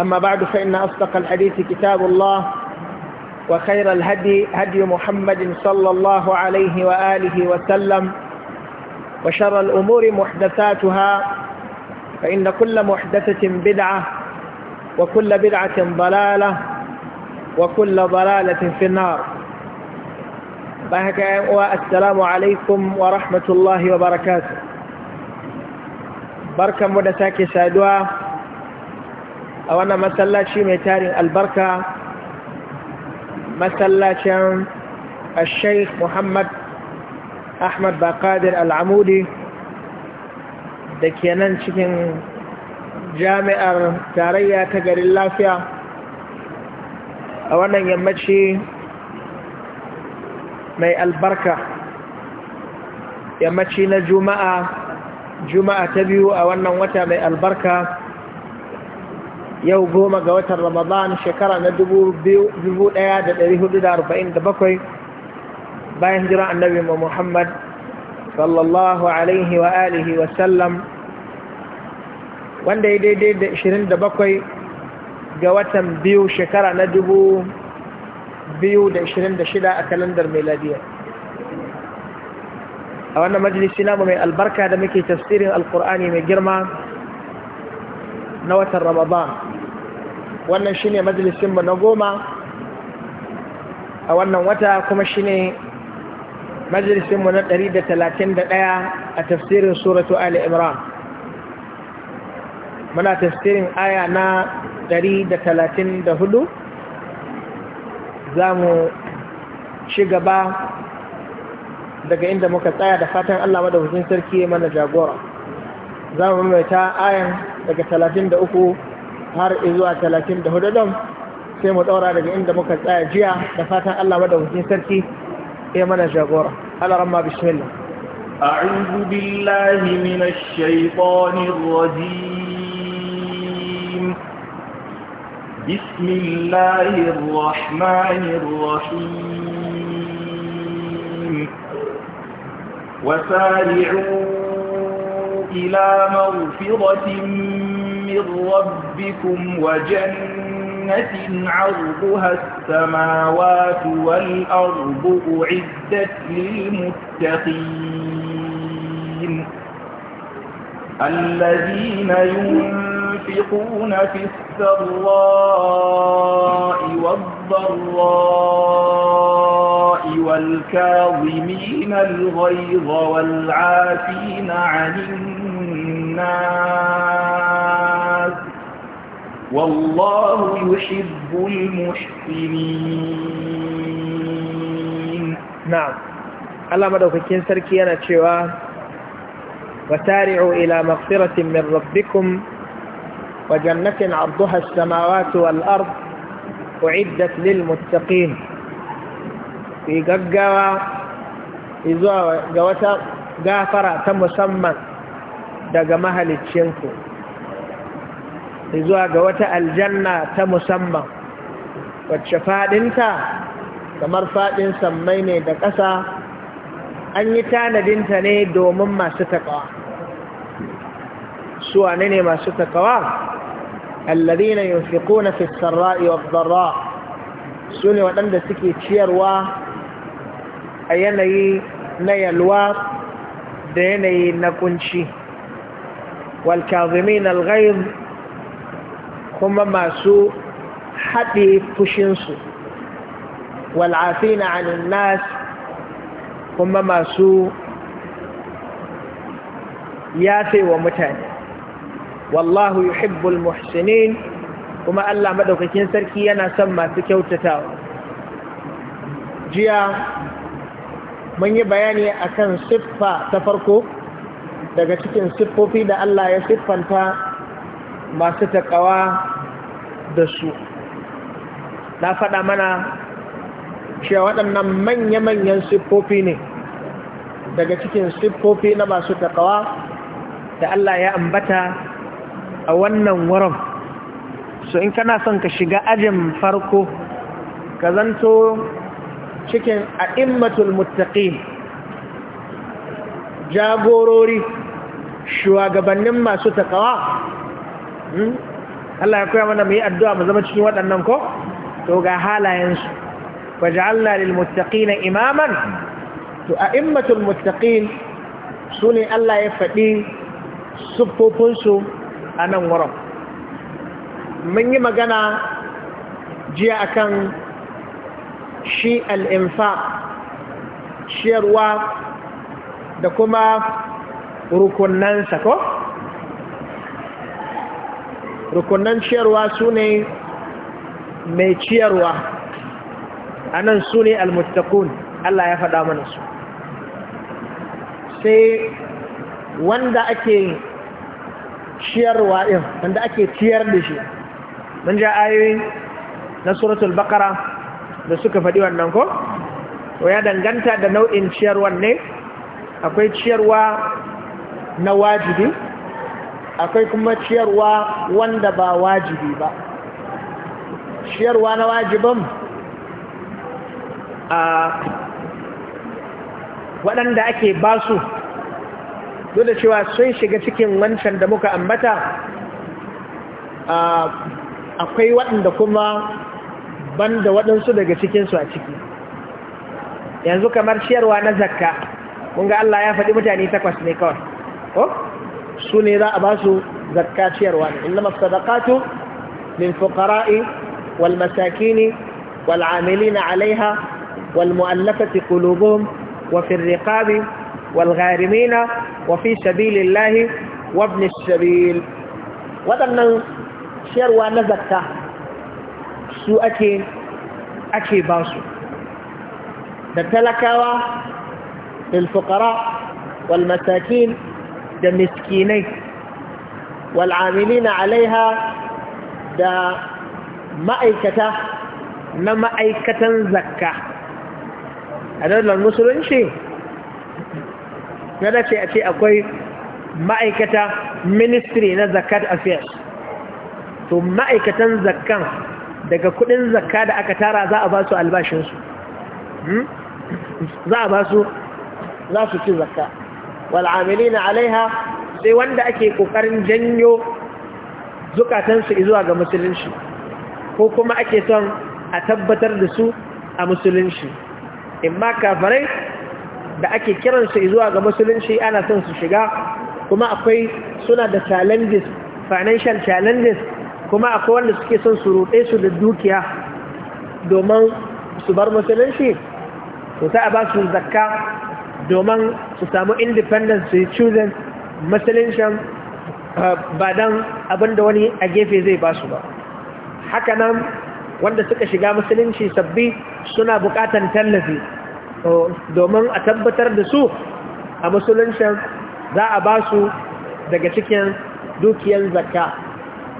أما بعد فإن أصدق الحديث كتاب الله وخير الهدي هدي محمد صلى الله عليه وآله وسلم وشر الأمور محدثاتها فإن كل محدثة بدعة وكل بدعة ضلالة وكل ضلالة في النار والسلام عليكم ورحمة الله وبركاته بركة مدساك سادوا a wannan masallaci mai tarin albarka masallacin sheikh muhammad ahmad bakadir al'amudi da kenan cikin jami'ar tarayya ta garin lafiya a wannan yammaci mai albarka yammaci na juma'a juma'a ta biyu a wannan wata mai albarka yau goma ga watan ramadan shekara na 1447 bayan jira annabi muhammad sallallahu alaihi wa alihi wa sallam wanda ya daidai da 27 ga watan biyu shekara na 2026 a kalandar meladiya a wannan majalisi namu mai albarka da muke tafsirin alkur'ani mai girma na watan ramadan wannan shi ne majalisinmu na goma a wannan wata kuma shi ne majalisinmu na 131 a tafsirin suratu ali imran muna tafsirin aya na 134 za mu ci gaba daga inda muka tsaya da fatan Allah madaukakin sarki mana jagora za mu ta ayan daga da uku. har zuwa talatin da hudu don sai mu daura daga inda muka tsaya jiya da fatan Allah madaukakin sarki ya mana jagora Allah ramma bismillah a'udhu billahi minash shaitanir rajim bismillahir rahmanir rahim الرحيم وسارعوا إلى مغفرة من ربكم وجنة عرضها السماوات والأرض أعدت للمتقين الذين ينفقون في السراء والضراء والكاظمين الغيظ والعافين عن الناس الناس والله يحب المحسنين نعم الله مدوكين سركينا تشوا وسارعوا إلى مغفرة من ربكم وجنة عرضها السماوات والأرض أعدت للمتقين في قجوة إذا قوتا gafara تم سمت daga mahalicinku zuwa ga wata aljanna ta musamman wacce faɗinta kamar faɗin sammai ne da ƙasa an yi tanadinta ne domin masu taƙawa suwane ne masu taƙawa alladina yunfiquna fi sarra'i wadh-dharra sune waɗanda suke ciyarwa a yanayi na yalwa da yanayi na kunci والكاظمين الغيظ هم ما سوء حدي فشنسو والعافين عن الناس هم yafe wa mutane wallahu yuhibbul muhsinin kuma Allah madaukakin sarki yana son masu kyautatawa jiya mun yi bayani akan siffa ta farko daga cikin siffofi da Allah ya siffanta masu taƙawa da su na faɗa mana cewa waɗannan manya-manyan siffofi ne daga cikin siffofi na masu taƙawa da Allah ya ambata a wannan wurin so in kana son ka shiga ajin farko ka zanto cikin a'immatul muttaqin jagorori shugabannin masu takawa hmm? Allah ya koya mana mu yi addu'a mu zama cikin waɗannan ko to ga halayensu waj'alna lil na imaman to a'immatul muttaqin sune Allah ya faɗi sufofin su a nan wurin mun yi magana jiya akan shi al shiyarwa da kuma rukunansa ko rukunan ciyarwa sune mai ciyarwa a nan su ne Allah ya faɗa mana su sai wanda ake ciyarwa ɗin wanda ake ciyar da shi mun ja ayoyi na suratul bakara da suka faɗi wannan ko ya danganta da nau'in ciyarwan ne akwai ciyarwa na wajibi akwai kuma ciyarwa wanda ba wajibi ba ciyarwa na wajibin a waɗanda ake basu duk da cewa sun shiga cikin wancan da muka ambata akwai waɗanda kuma banda waɗansu daga cikinsu a ciki yanzu kamar ciyarwa na zakka kun ga Allah ya faɗi mutane takwas ne kawai ko su ne za a ba su zakka ciyarwa ne inna masadaqatu lil fuqara'i wal masakin wal 'amilina 'alayha wal mu'allafati qulubuhum wa fi riqabi wal gharimina wa fi sabilillahi wa ibn as-sabil wadannan ciyarwa na zakka su ake ake ba su da talakawa للفقراء والمساكين da miskinai wal'amilina alaiha da ma'aikata na ma'aikatan zakka a daular musulunci na dace a ce akwai ma'aikata ministry na zakat affairs to ma'aikatan zakkan daga kudin zakka da aka tara za a ba su albashinsu za a ba su za su ci zakka na alaiha sai wanda ake ƙoƙarin janyo zukatansu zuwa ga musulunci ko kuma ake son a tabbatar da su a musulunci imma kafarai da ake kiransu zuwa ga musulunci ana son su shiga kuma akwai suna da challenges financial challenges kuma akwai wanda suke son su roɗe su da dukiya domin su bar musulunci ko ta a ba su zakka domin su samu independence su yi choosing musulunshin uh, ba don abinda wani a gefe zai ba su ba haka nan wanda suka shiga musulunci sabbi suna bukatan tallafi domin a tabbatar da su a musulunshin za a ba su daga cikin dukiyar zakka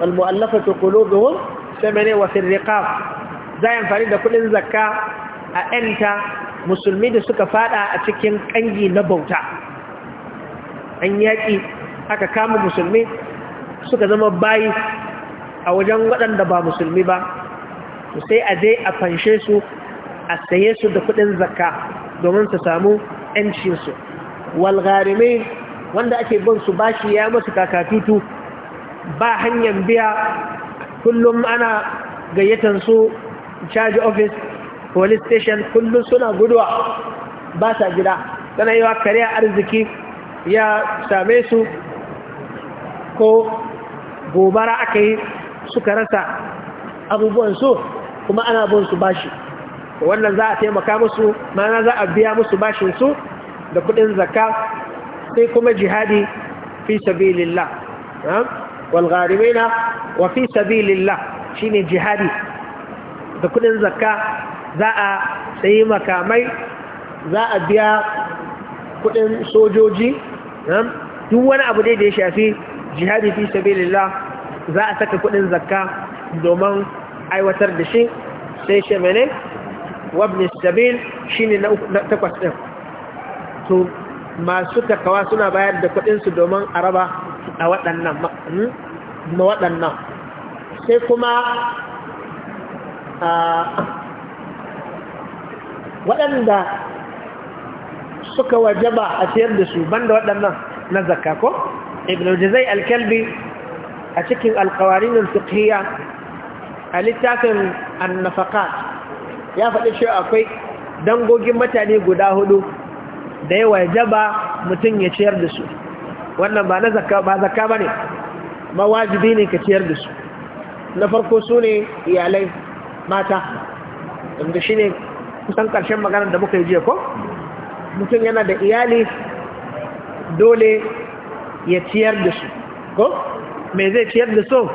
walmu'allafa ta kulubuhun sai mene wasu riƙa za a amfani da kudin zakka a 'yanta musulmi da suka fada a cikin kangi na bauta an yaƙi aka kama musulmi suka zama bayi a wajen waɗanda ba musulmi ba sai a je a fanshe su a saye su da kuɗin zakka domin su samu ‘yancinsu walgarime wanda ake bin su bashi ya masu kakatutu ba hanyar biya kullum ana su caji ofis police station kullum suna guduwa ba sa gida tana yi wa kare arziki ya same su ko gobara aka yi suka rasa abubuwansu kuma ana bin su bashi wannan za a taimaka musu mana za a biya musu bashinsu da kudin zakka sai kuma jihadi fi sabilillah walgharimina wa fi sabilillah shine jihadi da kudin zakka za a sayi makamai za a biya kudin sojoji duk wani abu dai da ya shafi jihadi fi sabilillah za a saka kudin zakka domin aiwatar da shi sai shi mene wabni sabil ne na takwas ɗin. to masu takawa suna bayar da kudinsu domin a raba a waɗannan hmm? sai kuma waɗanda suka wajaba a siyar da su banda waɗannan na zakka ko ibn alkalbi al a cikin alkawarin fiqhiyya a littafin an ya faɗi cewa akwai dangogin mutane guda hudu da ya wajaba mutum ya ciyar da su wannan ba na zakka ba zakka bane ma wajibi ne ka ciyar da su na farko su ne iyalai mata shi ne. kusan ƙarshen magana da muka yi jiya ko mutum yana da iyali dole ya ciyar da su ko mai zai ciyar da su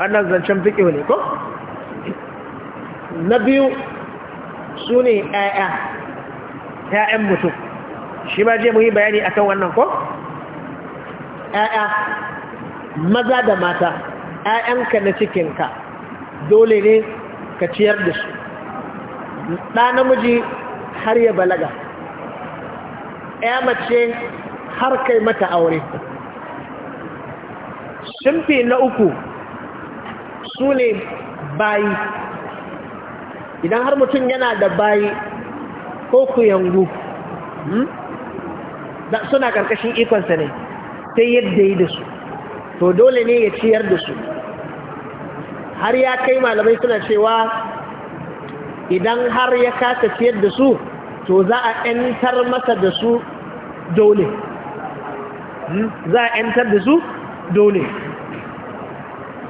ana zancen fiƙe ne ko na biyu su ne ƴaƴa mutum shi ba je muhi yi bayani akan wannan ko ƴaƴa maza da mata ƴaƴanka na cikinka dole ne ka ciyar da su ɗa namiji har ya balaga ya mace har kai mata aure shimfi na uku su ne bayi idan har mutum yana da bayi ko ku yangu, hmm, suna ƙarƙashin ikonsa ne ta yadda yi da su to dole ne ya ciyar da su har ya kai malamai suna cewa idan har ya kasa ciyar da su to za a ‘yantar masa da su dole hmm? za a ‘yantar da su dole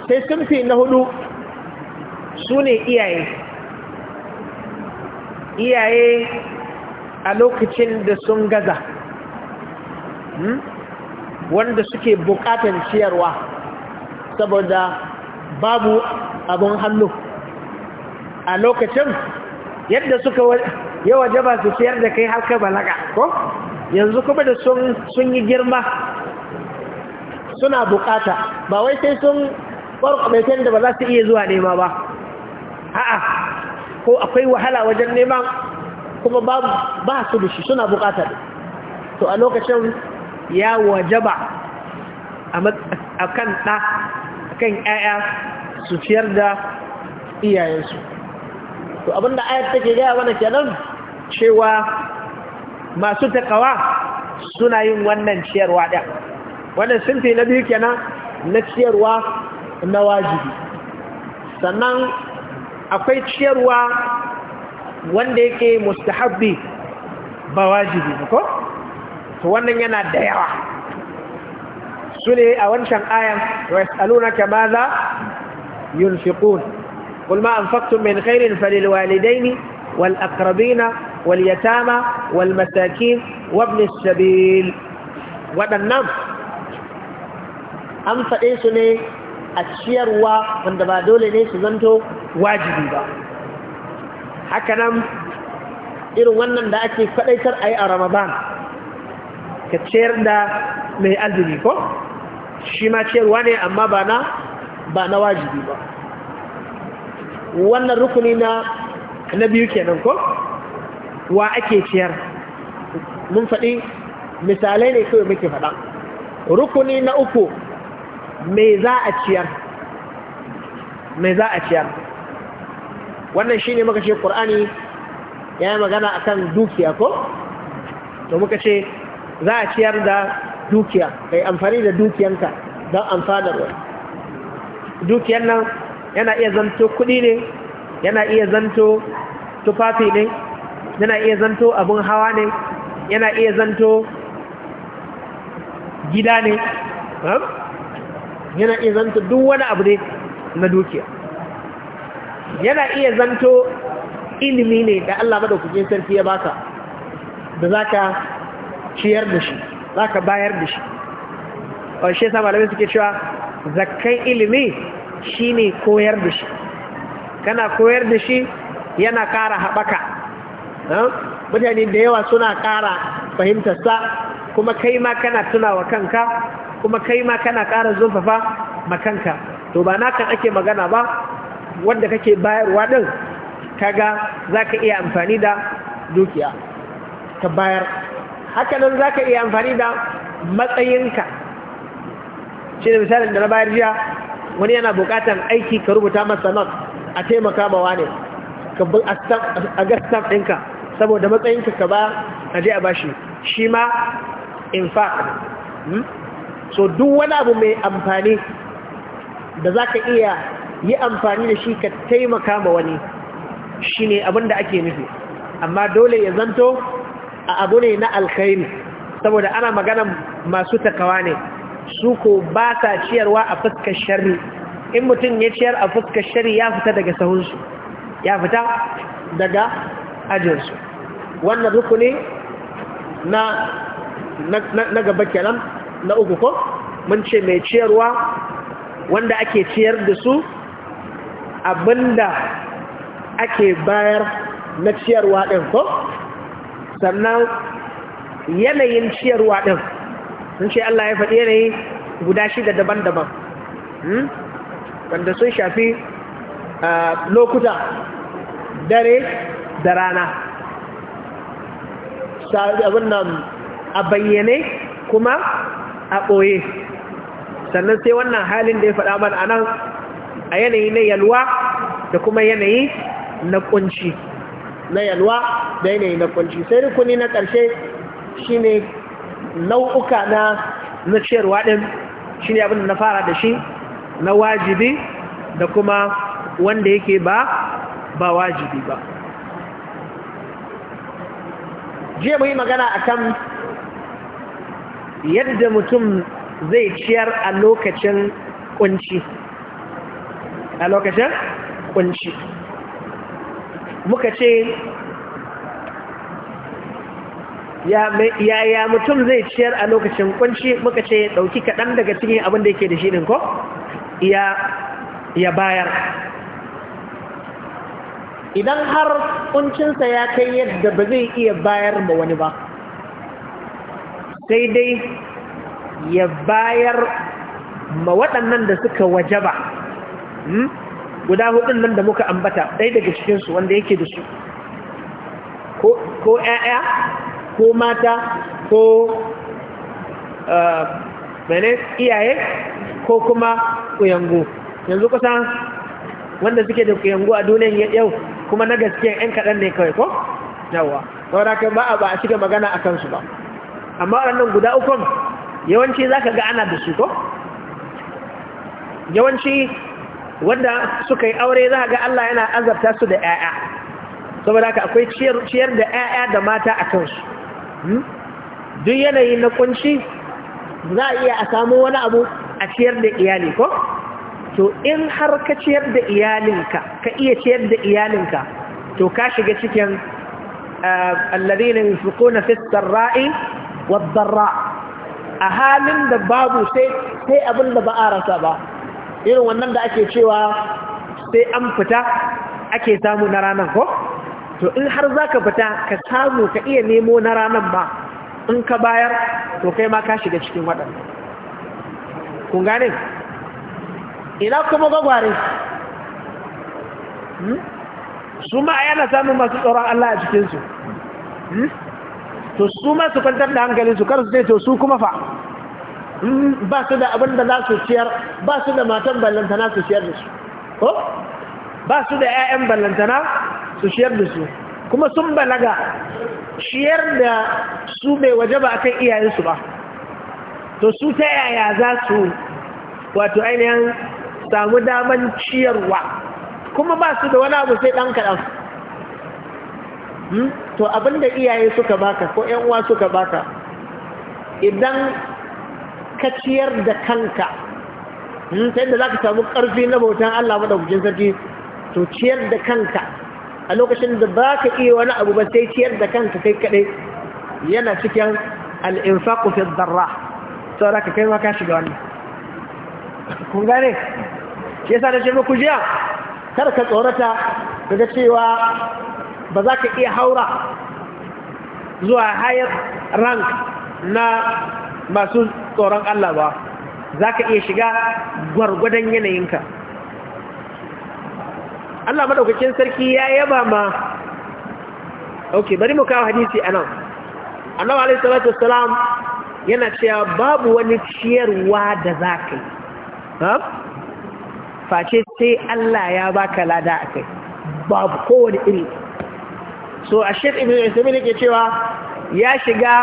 sai sunfi na hudu su ne iyaye iyaye a lokacin da sun gaza hmm? wanda suke bukatan ciyarwa saboda babu abin hannu a lokacin yadda suka ya waje ba su siyar da kai halka balaga ko yanzu kuma da sun yi girma suna bukata ba wai sai sun mai da ba za su iya zuwa nema ba a'a ko akwai wahala wajen neman kuma ba su da shi suna bukata to a lokacin ya wajaba a kan ɗa kan 'ya'ya su ciyar da iyayensu to abin da ayat take gaya mana kenan cewa masu takawa suna yin wannan ciyarwa ɗin wannan sinfi na biyu kenan na ciyarwa na wajibi sannan akwai ciyarwa wanda yake mustahabbi ba wajibi ko to wannan yana da yawa sune a wancan ayan wa yasalunaka ma za yunfiqun قل ما أنفقتم من خير فللوالدين والأقربين واليتامى والمساكين وابن السبيل وبالنظر أنفى إيسني أتشير وعندما دول إيس زنتو واجبي با حكا نم إلو ونن دا أكي فليتر أي رمضان كتشير دا مي ألدني كو شما تشير واني أما بانا بانا واجبي با wannan rukuni na na biyu kenan ko wa ake ciyar mun faɗi misalai ne kawai muke faɗa rukuni na uku me za a ciyar me za a ciyar wannan shine muka ce qur'ani ya yi magana akan dukiya ko to muka ce za a ciyar da dukiya kai amfani da dukiyanka don amfanarwa dukiyan nan yana iya zanto kuɗi ne yana iya zanto tufafi ne yana iya zanto abin hawa ne yana iya zanto gida ne yana iya zanto duk wani abu ne na dukiya yana iya zanto ilimi ne da Allah madaukakin sarki ya baka da zaka ciyar da shi zaka bayar da shi a shi sa malamai suke cewa zakkan ilimi shine koyar da shi kana koyar da shi yana kara haɓaka mutane da yawa suna ƙara fahimtarsa kuma kai ma kana tunawa kanka kuma kai ma kana kara zurfafa kanka to ba na kan ake magana ba wanda kake bayarwa ɗin kaga za ka iya amfani da dukiya ka bayar hakanan za ka iya amfani da matsayinka shi da misalin da na bayar jiya wani yana buƙatar aiki ka rubuta masa not a taimaka ma wane ka bi a staff ɗinka saboda matsayinka ka ba a je a bashi shi ma in fact hmm? so duk wani abu mai amfani da za ka iya yi amfani da shi ka taimaka ma wani shi ne abin da ake nufi amma dole ya zanto a abu ne na alkhairi saboda ana maganan masu takawa ne su ko ba sa ciyarwa a fuskar shari in mutum ya ciyar a fuskar shari ya fita daga sahunsu ya fita daga ajinsu wannan rukuni na na gaba kenan na uku ko mun ce mai ciyarwa wanda ake ciyar da su abinda ake bayar na ciyarwa ɗin ko sannan yanayin ciyarwa ɗin sun ce Allah ya faɗi yanayi guda shida daban-daban hmm? wanda sun shafi lokuta dare da rana a bayyane kuma a ɓoye sannan sai wannan halin da ya faɗa man a nan a yanayi na yalwa da kuma yanayi na kunci na yalwa da yanayi na kunci sai rukuni na ƙarshe shi ne nau'uka na na ciyarwa ɗin shi ne abin da na fara da shi na wajibi da kuma wanda yake ba ba wajibi ba jiya mu yi magana akan yadda mutum zai ciyar a lokacin kunci a lokacin kunci muka ce yaya mutum zai ciyar a lokacin kunci muka ce ya ɗauki kaɗan daga cikin abin da yake da shi din ko ya bayar idan har ƙuncinsa ya kai yadda ba zai iya bayar ma wani ba sai dai ya bayar ma waɗannan da suka ba, hmm? guda hudun nan da muka ambata ɗaya daga cikinsu wanda yake da su ko ‘ya'ya ko mata ko mene uh, iyaye ko kuma kuyangu yanzu kusan wanda suke da kuyangu a duniyan yau kuma na gaske yan kaɗan ne kawai ko yawa saboda kai ba a ba a shiga magana a kansu ba amma waɗannan guda ukun yawanci za ka ga ana da su ko yawanci wanda suka yi aure za ga Allah yana azabta su da 'ya'ya saboda haka akwai ciyar da 'ya'ya da mata a kansu Hmm? duk yanayi na kunshi za a iya a samu wani abu a ciyar da iyali ko to in har ka ciyar da iyalinka ka iya ciyar da iyalinka to ka shiga cikin eh, alladhina kona fi sarra'i wadh-dharra a halin da babu sai sai abin da ba a rasa ba irin wannan da ake cewa sai an fita ake samu na ranar ko to in har za ka fita ka samu ka iya nemo na ranar ba in ka bayar to kai ma ka shiga cikin waɗanda kun gane ina kuma gwagware hmm? su ma yana samun masu tsoron Allah a cikinsu hmm? to su ma su kwantar da hankali su kar su to su kuma fa hmm? ba su da abin da za su ciyar ba su da matan ballantana su ciyar da su ko ba su da 'ya'yan ballantana su shiyar da su kuma sun balaga shiyar da su mai waje ba a kan iyayensu ba to su ta yaya za su wato ainihin samu daman ciyarwa kuma ba su da wani abu sai ɗan kaɗan hmm? to abinda iyaye suka baka ko yanuwa suka baka idan ka ciyar da kanka sai hmm? da za ka samu ƙarfi na bautan Allah maɗaukacin sarki to ciyar da kanka a lokacin da ba ka iya wani abu ba sai ciyar da kanka kai kaɗai yana cikin al'infaku fi zarra sau da ka kai maka shiga wannan kun gane shi sa da shirma kujiya kar ka tsorata daga cewa ba za ka iya haura zuwa hayar rank na masu tsoron Allah ba za ka iya shiga gwargwadon yanayinka Allah madaukakin sarki ya yaba ma ok bari mu kawo hadisi anan. Annabi alayhi salatu wassalam yana cewa babu wani ciyarwa da za ka yi face sai Allah ya baka lada akai. babu kowane iri so a shek ibn isami yake ke cewa ya shiga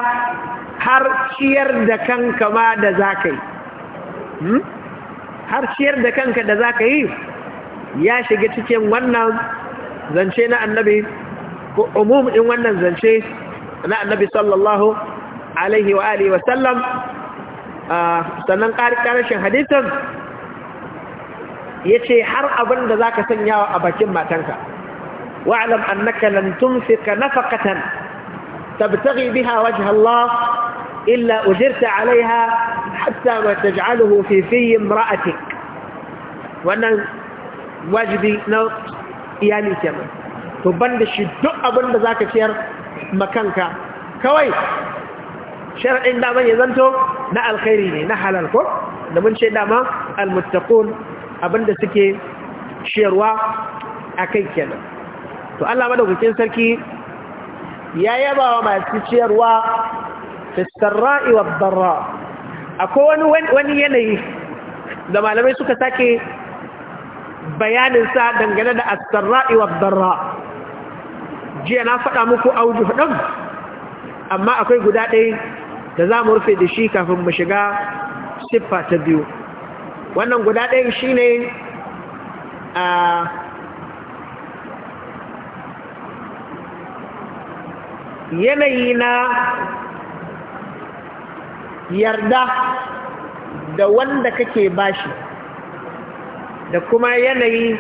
har ciyar da kanka ma da za ka yi hmm? har ciyar da kanka da za ka yi ya shiga cikin wannan zance na annabi ko umum din wannan zance na annabi sallallahu alaihi wa alihi wa sallam sannan karshen hadisin yace har abin da zaka sanyawa a bakin matanka wa'lam annaka lan tunfika nafaqatan tabtaghi biha wajha Allah illa ujirta alaiha hatta ma taj'aluhu fi fi imra'atik wannan wajibi na iyali kenan to ban da shi duk abin da za ka ciyar makanka kawai sharaɗin daman ya zanto na alkhairi ne na halal ko da mun ce dama almuttaqun da suke shiyarwa akai kenan to Allah madaukakin sarki ya yaba wa masu ciyarwa fi sarra'i wa akwai wani yanayi da malamai suka sake bayaninsa dangane da asarra'i wa jiya na faɗa muku auju ɗin amma akwai guda ɗaya da za mu rufe da shi kafin mu shiga siffa ta biyu wannan guda ɗaya shi ne a yanayi na yarda da wanda kake bashi da kuma yanayi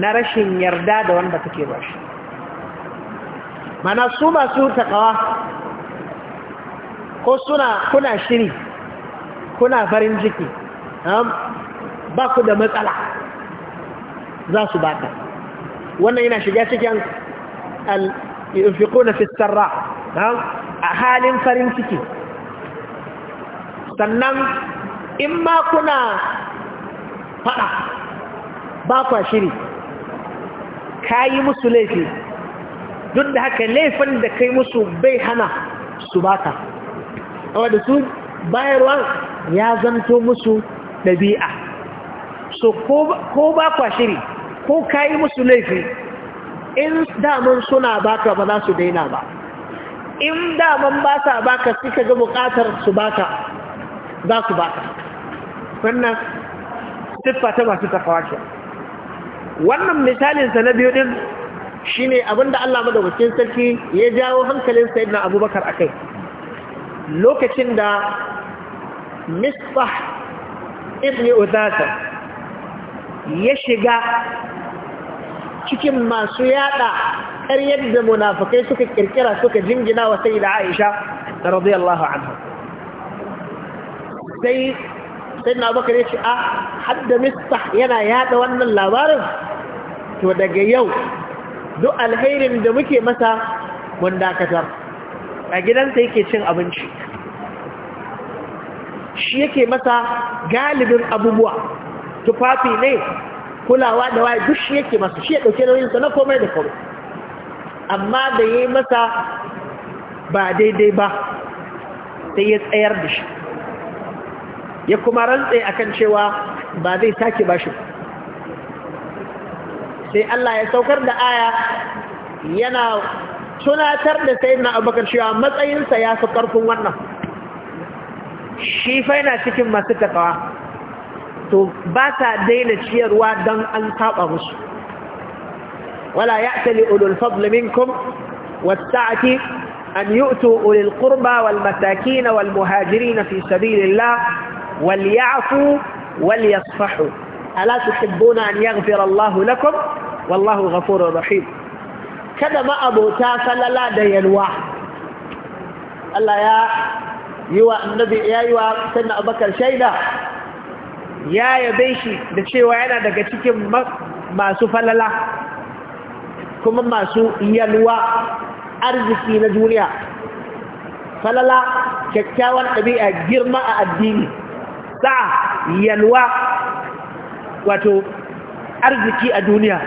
na rashin yarda da wanda kake ba shi mana su masu takawa ko suna kuna shiri kuna farin ciki ba ku da matsala za su baka wannan yana shiga cikin na fistarra a halin farin ciki sannan in ma kuna faɗa ba kwa shiri ka yi musu laifi duk da haka laifin da kai musu bai hana su ba ka wadda su bayarwa ya zanto musu ɗabi'a so ko ba kwa shiri ko ka yi musu laifi in daman suna ka ba za su daina ba in daman ba sa baka suka ga bukatar su ka za su ba ka wannan siffa ta masu tafawa takawa wannan misalinsa na biyu din shine abinda Allah madaukakin sarki ya jawo hankalin sayyidina Abubakar kai lokacin da Misbah ibn Uthasa ya shiga cikin masu yada ƙaryar da munafakai suka kirkira suka jingina wa sayyida Aisha radiyallahu anha sai sayyidina Abubakar ya ce a ah, hadda Misbah yana yada wannan labarin to daga yau duk alherin da muke masa mun dakatar a gidansa yake cin abinci shi yake masa galibin abubuwa tufafi ne kulawa da waye duk shi yake masa shi ya ɗauke nauyinsa na komai da komai amma da ya yi masa ba daidai ba sai ya tsayar da shi ya kuma rantse akan cewa ba zai sake bashi. sai Allah ya saukar da aya yana tunatar da sayyidina abubakar cewa matsayinsa ya fi ƙarfin wannan shi fa yana cikin masu takawa to ba ta daina ciyarwa don an taɓa musu wala ya tali ulul fadli minkum an yu'tu ulil qurba wal na wal na fi sabilillah wal ya'fu wal yasfahu ala tuhibbuna an yaghfira Allah lakum wallahu ghafurur rahim kada ma abota salala da yalwa Allah ya yi wa annabi shaida ya yabe shi da cewa yana daga cikin masu falala kuma masu yalwa arziki na duniya falala kyakkyawan ɗabi'a girma a addini sa'a yalwa wato arziki a duniya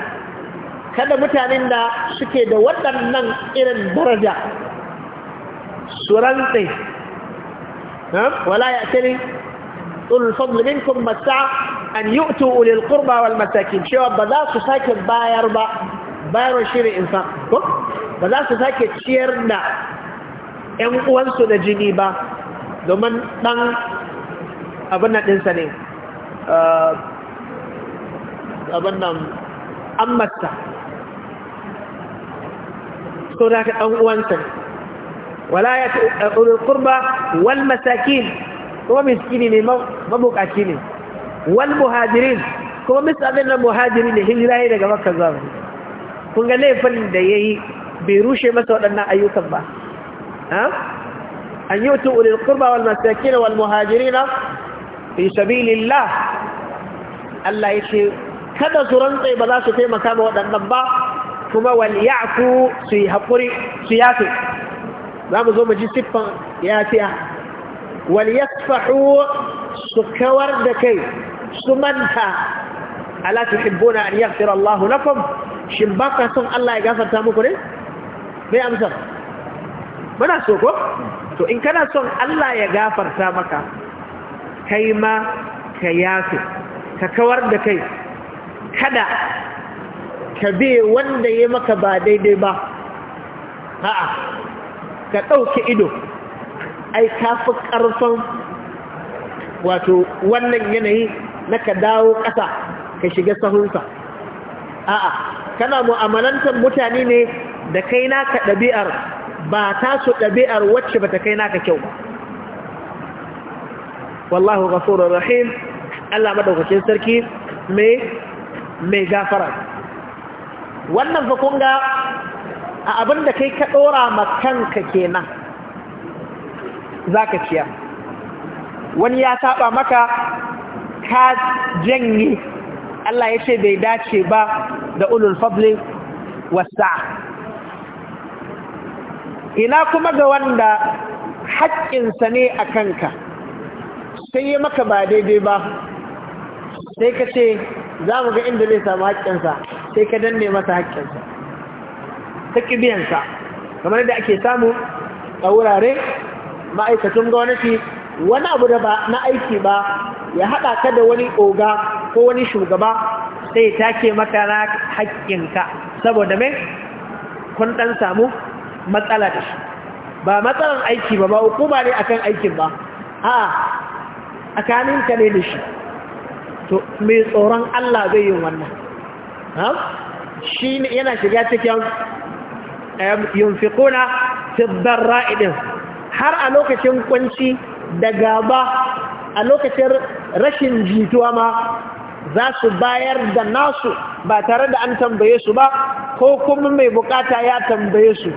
kada mutanen da suke da waɗannan irin daraja su rantse wala ya tani ulul fadl an yu'tu ulil qurba wal cewa ba za su sake bayar ba bayarwar shirin insan ko ba za su sake ciyar da ‘yan uwansu da jini ba domin ɗan abin ɗinsa ne abin nan ammata so da ka ɗan wala ya ulul qurba wal masakin kuma miskini ne mabukaci ne wal muhajirin kuma misalin na muhajiri ne hijira ne daga makka zuwa kun ga laifin da ya yi bai rushe masa waɗannan ayyukan ba an yi tu ulil qurba wal masakin wal muhajirin fi sabilillah Allah ya yake kada su rantse ba za su taimaka ma waɗannan ba kuma wal ya'fu su yi haƙuri su yafe za mu zo mu ji siffan yafiya wal yasfahu su kawar da kai su manta ala tuhibbuna an yaghfira Allahu lakum shin baka son Allah ya gafarta muku ne Bai amsa muna so ko to in kana son Allah ya gafarta maka kai ma ka yafe ka kawar da kai kada ka be wanda ya maka ba daidai ba ha'a ka ɗauki ido ai ka fi ƙarfin wato wannan yanayi na ka dawo ƙasa ka shiga sahunsa a'a kana mu'amalantar mutane ne da kai naka ɗabi'ar ba ta su ɗabi'ar wacce ba ta kai naka kyau ba wallahu ghafurur rahim Allah maɗaukacin sarki mai mai gafara wannan fa ga a abin da kai ka ɗora ma kanka kenan za ka ciyar wani ya taɓa maka ka janye Allah ya ce bai dace ba da ulul fadli wasa ina kuma ga wanda haƙƙinsa ne a kanka sai yi maka ba daidai ba sai ka ce za mu ga inda zai samu haƙƙinsa sai ka danne masa haƙƙinsa ta ƙibiyansa kamar da ake samu a wurare ma'aikatan gwamnati wani abu da ba na aiki ba ya haɗa ka da wani oga ko wani shugaba sai take maka na haƙƙinka saboda mai kun ɗan samu matsala da shi ba matsalan aiki ba ba hukuma ne akan aikin ba a tsakaninka ne da shi to mai tsoron Allah zai yi wannan shi yana shiga cikin yunfiquna fi ra'idin. har a lokacin kunci da gaba a lokacin rashin jituwa ma za su bayar da nasu ba tare da an tambaye su ba ko kuma mai bukata ya tambaye su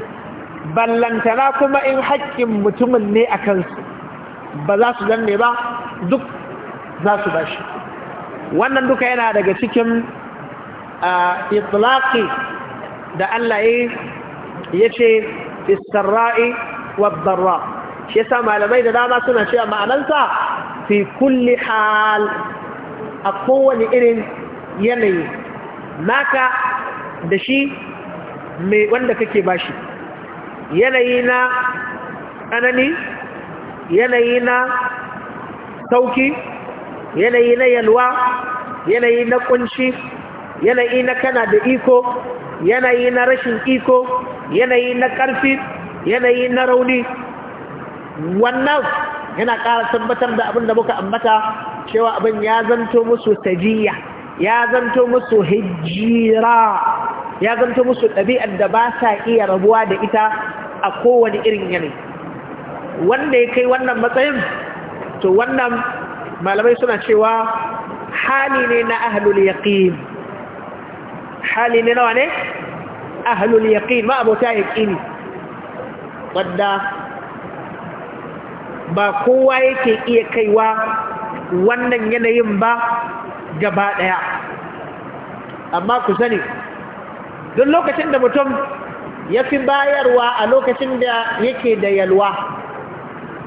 ballantana kuma in haƙƙin mutumin ne a kansu ba za su danne ba duk za su bashi wannan duka yana daga cikin itlaqi da Allah ya ce istarra'i wadda shi yasa malamai da dama suna cewa ma'anarsa fi kulli hal a kowane irin yanayi naka da shi mai wanda kake bashi yanayi na tsanani yanayi na sauki yanayi na yalwa yanayi na kunci yanayi na kana da iko yanayi na rashin iko yanayi na ƙarfi yanayi na rauni wannan yana ƙara tabbatar da abin da muka ambata cewa abin ya zanto musu tajiya ya zanto musu hijira ya zanto musu ɗabi'ar da ba sa iya rabuwa da ita a kowane irin yanayi wanda ya kai wannan matsayin to wannan malamai suna cewa hali ne na ahlul yaqin hali ne nawa ne ahlul yaqin ma abota yaqini wadda ba kowa yake iya kaiwa wannan yanayin ba gaba ɗaya amma ku sani duk lokacin da mutum ya fi bayarwa a lokacin da yake da yalwa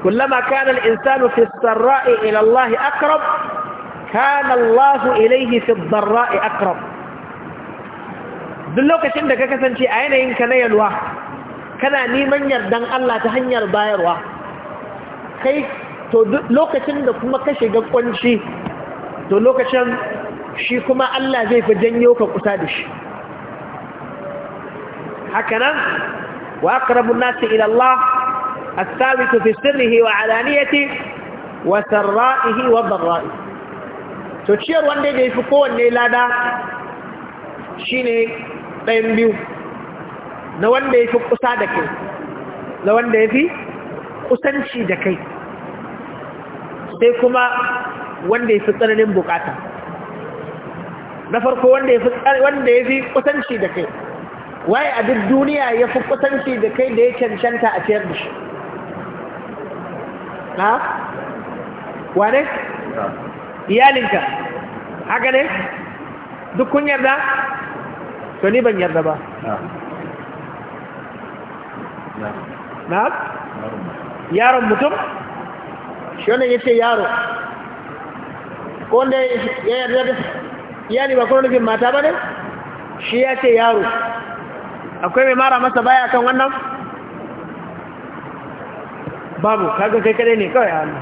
كلما كان الإنسان في السراء إلى الله أقرب كان الله إليه duk lokacin da ka kasance a yanayin ka na yalwa kana neman yardan Allah ta hanyar bayarwa kai lokacin da kuma ka shiga kunci to lokacin shi kuma Allah zai fi janyo ka kusa da shi hakanan wa aqrabu nasi ila Allah الثابت في سره وعلانيته وسرائه وضرائه تشير وان دي يفقوا ان لادا شيني ɗayan biyu na wanda ya fi kusa da kai na wanda ya fi kusanci da kai sai kuma wanda ya fi tsananin bukata na farko wanda ya fi kusanci da kai waye a duk duniya ya fi kusanci da kai da ya cancanta a ciyar da shi na wane iyalinka haka ne duk kun yarda to ni ban yarda ba na yaron mutum shi wannan yace yaro ko wanda ya yarda da iyali ba kuma nufin mata ba ne shi ya ce yaro akwai mai mara masa baya kan wannan babu kaga kai kadai ne kawai a hannu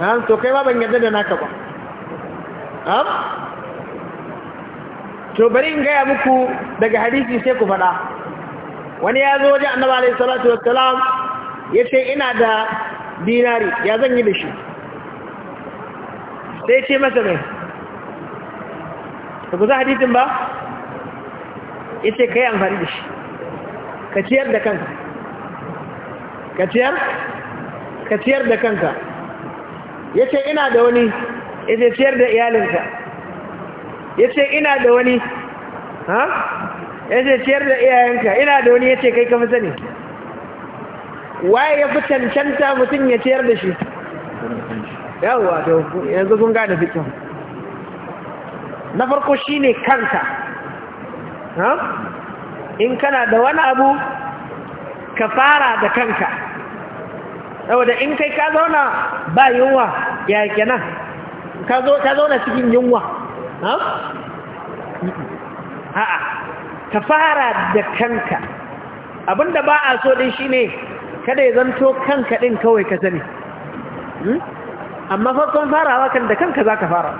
ha to kai ba ban yarda da naka ba ha to bari in gaya muku daga hadisi sai ku faɗa wani ya zo wajen annabi alaihi salatu wassalam ya ce ina da dinari ya zan yi da shi sai ce masa mai ba ku hadisin ba ya ce ka yi amfani da shi ka ciyar da kanka ka ciyar da kanka ya ce ina da wani ya ce ciyar da iyalinka ya ce ina da wani ha ya ce ciyar da iyayenka ina da wani ya ce kai kama sani waye ya fi cancanta mutum ya ciyar da shi yawwa to yanzu kun gane fikin na farko shi ne kanka in kana da wani abu ka fara da kanka saboda in kai ka zauna ba yunwa ya kenan ka zauna cikin yunwa Ha'a. ka fara da kanka abinda ba a so din shine kada ya zanto kanka din kawai ka sani hmm? amma farkon farawa kan da kanka za ka fara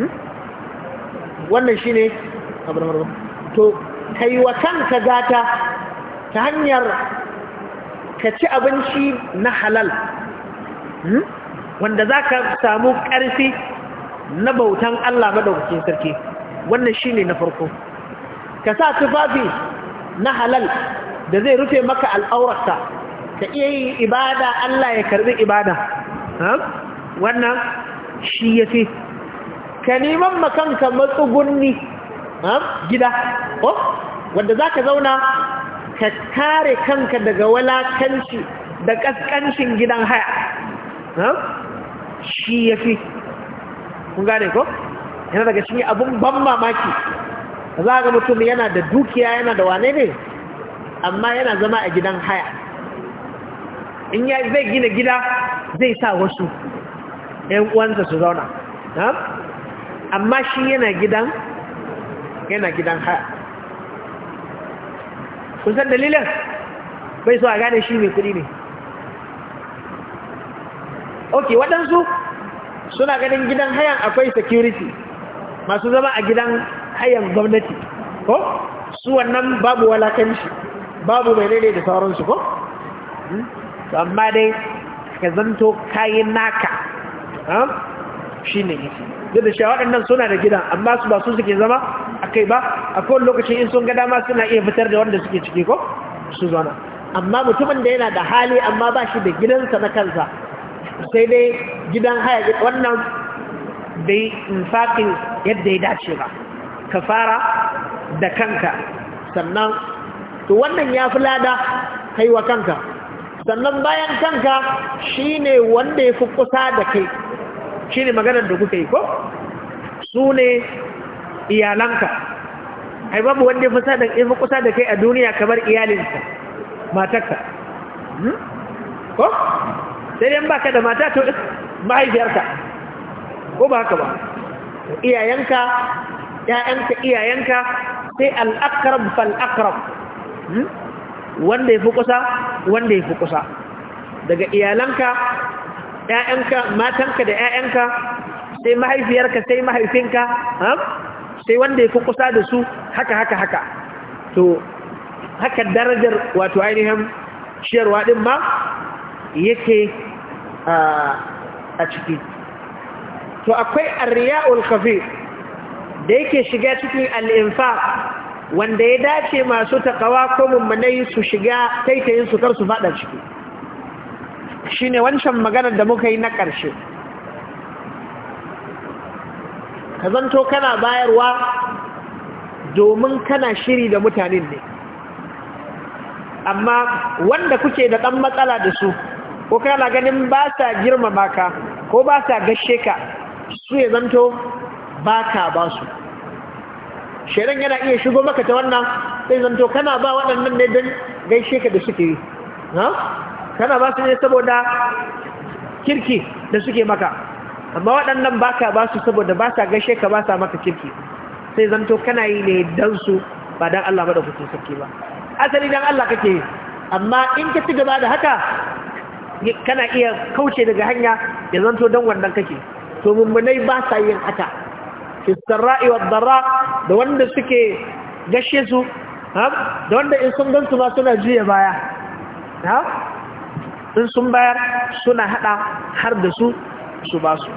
hmm? wannan shine abu da to kai wa kanka gata ta hanyar ka ci abinci na halal hmm? wanda za ka samu ƙarfi na bautan Allah madaukakin sarki wannan shi ne na farko ka sa tufafi na halal da zai rufe maka al'aurarka ka iya yi ibada Allah ya karbi ibada wannan shi ya fi ka neman makanka matsugunni gida wanda za ka zauna ka kare kanka daga walakanci da kaskancin gidan haya shi ya fi kun gane ko yana daga shi. abun ban mamaki za ga mutum yana da dukiya yana da wane ne amma yana zama a gidan haya in ya zai gina gida zai sa wasu ‘yan uwansa su zauna amma shi yana gidan haya kun san dalilin bai so a gane shi mai kuɗi ne ok waɗansu suna ganin gidan hayan akwai security masu zama a gidan hayan gwamnati ko su wannan babu walakanci babu mai daidai da sauransu ko hmm? amma dai ka zanto kayi naka shi ne yake duk da cewa waɗannan suna da gida amma su ba su suke zama a kai ba a kowane lokacin in sun ga dama suna iya fitar da wanda suke ciki ko su zauna amma mutumin da yana da hali amma ba shi da gidansa na kansa sai dai gidan haya wannan bai infaƙin yadda ya dace ba ka fara da kanka sannan to wannan ya fi lada kai wa kanka sannan bayan kanka shi ne wanda ya fi kusa da kai shi ne maganar da kuka yi ko su ne iyalanka ai babu wanda ya fi kusa da kai a duniya kamar iyalinka matarka hmm? ko sai dai baka da mata to mahaifiyarka ko ba haka ba iyayenka ‘ya'yanka iyayenka sai fal aqrab hmm? wanda ya fi kusa wanda ya fi kusa daga iyalanka ‘ya'yanka matanka da ‘ya'yanka sai mahaifiyarka sai mahaifinka sai wanda ya fi kusa da su haka haka haka to haka darajar wato ainihin ciyarwa ɗin ma yake a ciki to akwai arya kafi da yake shiga cikin al'infa wanda ya dace masu takawa ko mummanai su shiga taitayin su kar su faɗa ciki shine wancan maganar da muka yi na ƙarshe ka zanto kana bayarwa domin kana shiri da mutanen ne amma wanda kuke da ɗan matsala da su ko kana ganin ba sa girmama ka ko ba sa gashe ka su ya zanto ba ka ba su shaidan yana iya shigo maka ta wannan sai zanto kana ba waɗannan ne don gaishe ka da suke yi kana ba su ne saboda kirki da suke maka amma waɗannan ba ka ba su saboda ba sa gashe ka ba sa maka kirki sai zanto kana yi ne don su ba don Allah kusur sarki ba asali don Allah kake yi amma in ka ci gaba da haka kana iya kauce daga hanya ya zanto don wannan kake to mummunai ba sa yin haka fistarra'i wa darra da wanda suke gashe su da wanda in sun gansu ma suna juya baya in sun bayar suna hada har da su su ba su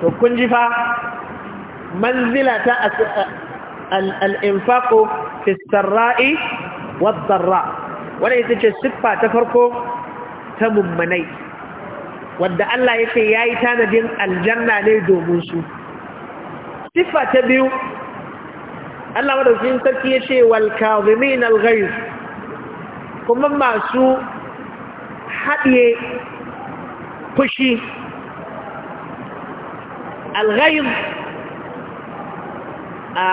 to kun ji fa manzila ta al'infaƙo fistarra'i wazzarra wadda ita ce siffa ta farko ta mummanai wadda Allah ya ce ya yi tanadin aljanna ne domin su siffa ta biyu Allah madaukin sarki ya ce walƙazimin alghaiz kuma masu haɗiye fushi alghaib a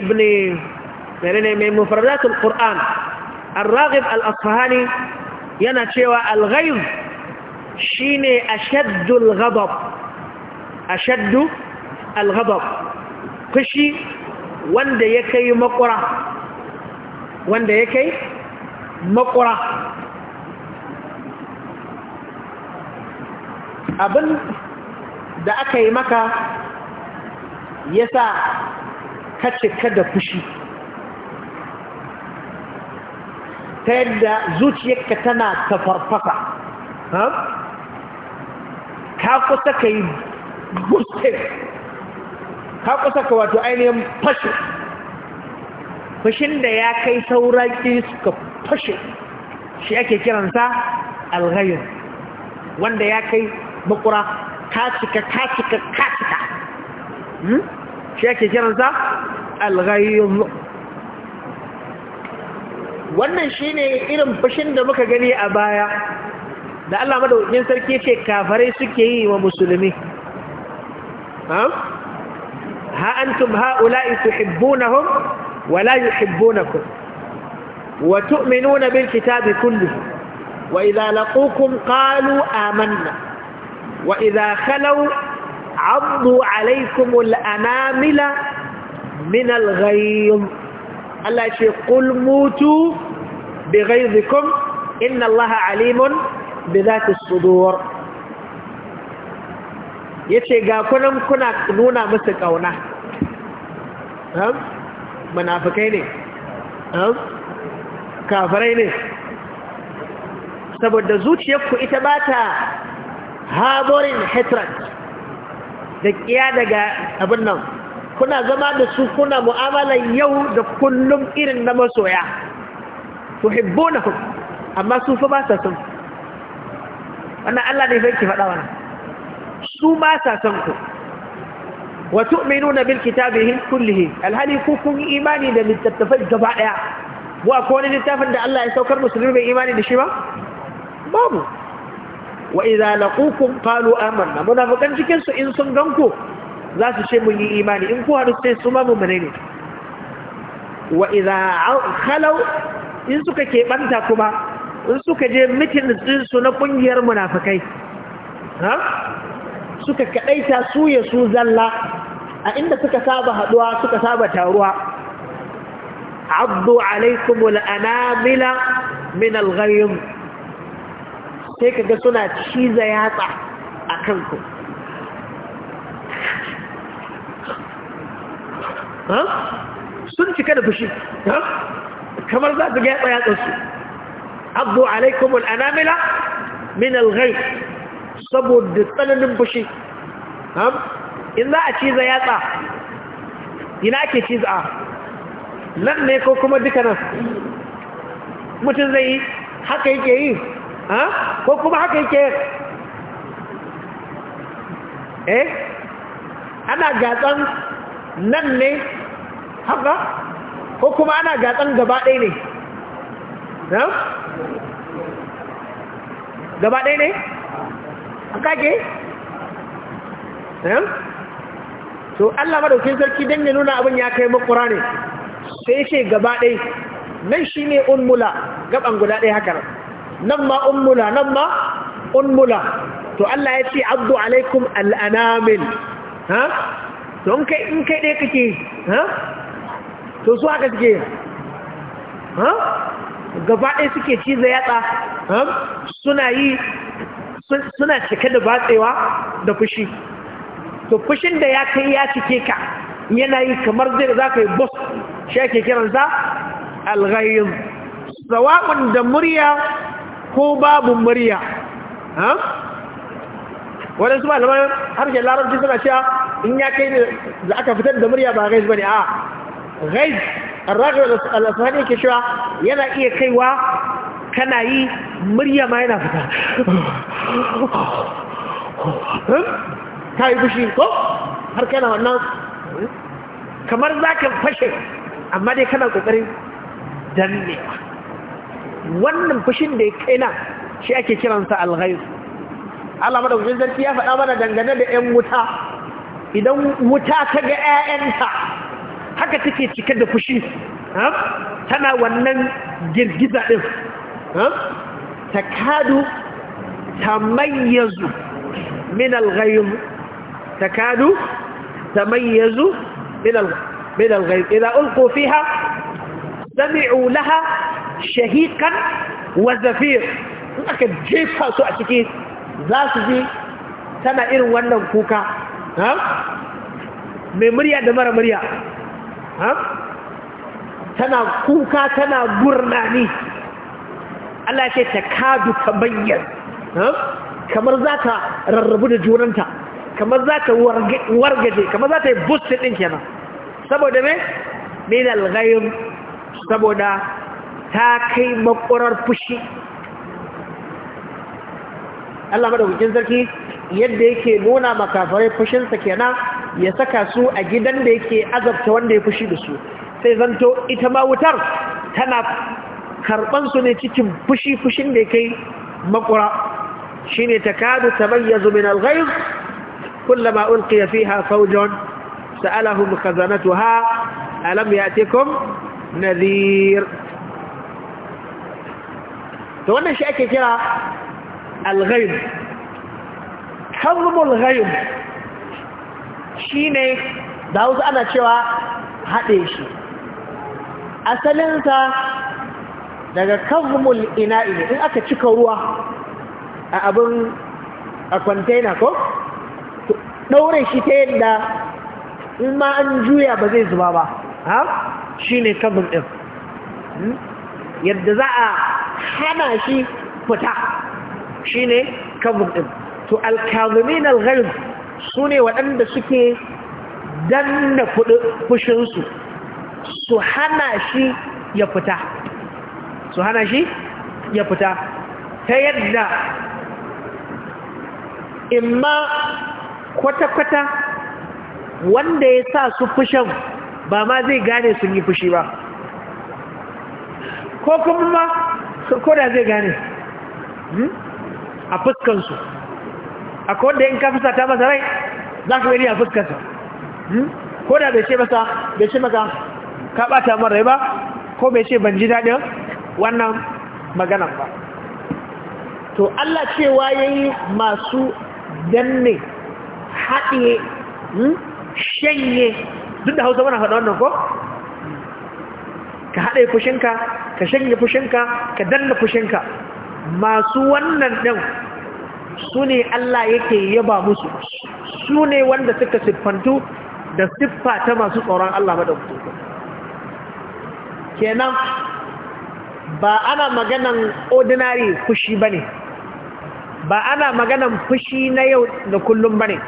ibn menene mai mufarratul qur'an al-raghib al-asfahani yana cewa alghaib shine ashaddul ghadab ashaddu al fushi wanda ya kai makura wanda ya kai makura abin da aka yi maka ya sa ka cika da fushi ta yadda zuciyarka tana tafarfasa ka kusa ka yi gustin ka kusa ka wato ainihin fashin fashin da ya kai sauraki suka fashe shi ake kiransa alghayr wanda ya kai makura ka cika ka cika ka cika hmm? shi ake kiransa alghayr wannan ne irin fashin da muka gani a baya da Allah madaukakin sarki ce kafarai suke yi wa musulmi ha antum ha'ula'i tuhibbunahum wa la yuhibbunakum وتؤمنون بالكتاب كله وإذا لقوكم قالوا آمنا وإذا خلوا عضوا عليكم الأنامل من الغيظ الله شيء قل موتوا بغيظكم إن الله عليم بذات الصدور yace قاكونا مكونا kuna مسك musu kauna munafikai ne kafirai ne saboda zuciyarku ita ba ta harborin hatred da kiya daga abin nan kuna zama da su kuna mu'amalan yau da kullum irin na masoya tuhibbunahum amma su fa ba sa son wannan Allah ne fa yake faɗa wannan su ba sa son ku wa tu'minuna bil kitabihi kullihi alhali ku kun imani da littattafai gaba ɗaya? mu akwai wani littafin da Allah ya saukar musulmi bai imani da shi ba babu wa idza laqukum qalu amanna munafiqan cikin su in sun ganku za su ce mun yi imani in ku haɗu sai su ma mu ne wa idza khalau in suka keɓanta kuma in suka je mitin ɗinsu na ƙungiyar munafikai suka kaɗaita su ya su zalla a inda suka saba haɗuwa suka saba taruwa addu alaikum al'anamila min al sai kaga suna ciza yatsa a kanku sun cika da fushi kamar za su yatsa yatsansu addu alaikum al'anamila min al saboda tsananin fushi in za a ciza yatsa ina ake ciza nan ne ko kuma duka nan mutum zai yi haka yake yi ko kuma haka yake eh ana gatsan nan ne haka ko kuma ana gatsan gaba ɗaya ne gaba ɗaya ne haka ke to Allah madaukin sarki don ya nuna abin ya kai makura ne sai ce gaba ɗai nan shi ne unmula gaban guda ɗaya haka nan ma unmula nan ma unmula to Allah ya ce abdu alaikum al'anamin ha to in kai ɗai ɗaya kake ha to su haka suke ha gaba ɗai suke ciza yatsa ha suna yi suna cike da batsewa da fushi to fushin da ya kai ya cike ka yana yi kamar zai za ka yi boss shi ake kiransa alghayiz sawa'un da murya ko babu murya waɗansu malaman harshen larabci suna cewa in ya kai da aka fitar da murya ba gaiz ba ne a gaiz ragar al'asani yake cewa yana iya kaiwa kana yi murya ma yana fita ta yi fushi ko har kana wannan kamar za ka fashe amma dai kana kokarin dannewa wannan fushin da ya kaina shi ake kiransa alghaiz Allah madaukakin sarki ya faɗa mana dangane da ƴan wuta idan wuta ta ga ƴaƴanta haka take cike da fushi tana wannan girgiza din ta kadu ta mayyazu min alghaiz ta kadu ta mayyazu min alghaiz من الغيظ إذا ألقوا فيها سمعوا لها شهيقا وزفير لكن جيفها سوء شكيد ذات جي تنا إن ونن كوكا ها mai murya da mara murya tana kuka tana gurnani Allah ce ta kadu ta bayyana kamar za ta rarrabu da junanta kamar za ta wargaje kamar za ta yi bustin ɗin kenan saboda me min alghayr saboda ta kai makurar fushi Allah madaukakin sarki yadda yake nuna makafarai fushinsa kenan ya saka su a gidan da yake azabta wanda ya fushi da su sai zanto ita ma wutar tana karban su ne cikin fushi fushin da yake makura shine takadu tabayyazu min al ghayb kullama ulqiya fiha fawjun سألهم خزنتها ألم يأتكم نذير فوانا شأكي كرا الغيب حظم الغيب شيني داوز أنا شوى هاتيشي أسلنسا daga kazmul ina'i ne in aka cika ruwa a abin a kwantaina ko daure shi ta yadda in ma an juya ba zai zuba ba ha shi ne kabin ɗin hmm? yadda za a hana shi fita shi ne kabin ɗin to alkazumin algharib su ne waɗanda suke danna fushinsu su hana shi ya fita su hana shi ya fita ta yadda imma kwata-kwata wanda ya sa su fushin ba ma zai gane sun yi fushi ba ko kuma ma koda zai gane hmm? a fuskansu a kowanda in ka fusa ta masa rai za ka gani a fuskansa hmm? koda bai ce masa bai ce maka ka bata marai ba ko bai ce ban ji daɗin wannan maganan ba to Allah cewa ya yi masu danne haɗe hmm? shenye duk da hausa mana faɗa wannan ko ka haɗe fushinka ka shenye fushinka ka danna fushinka masu wannan ɗin su ne Allah yake yaba musu sune wanda suka siffantu da siffa ta masu tsoron Allah maɗaukutu kenan ba ana maganan ordinary fushi ba ne ba ana maganan fushi na yau da kullum ba ne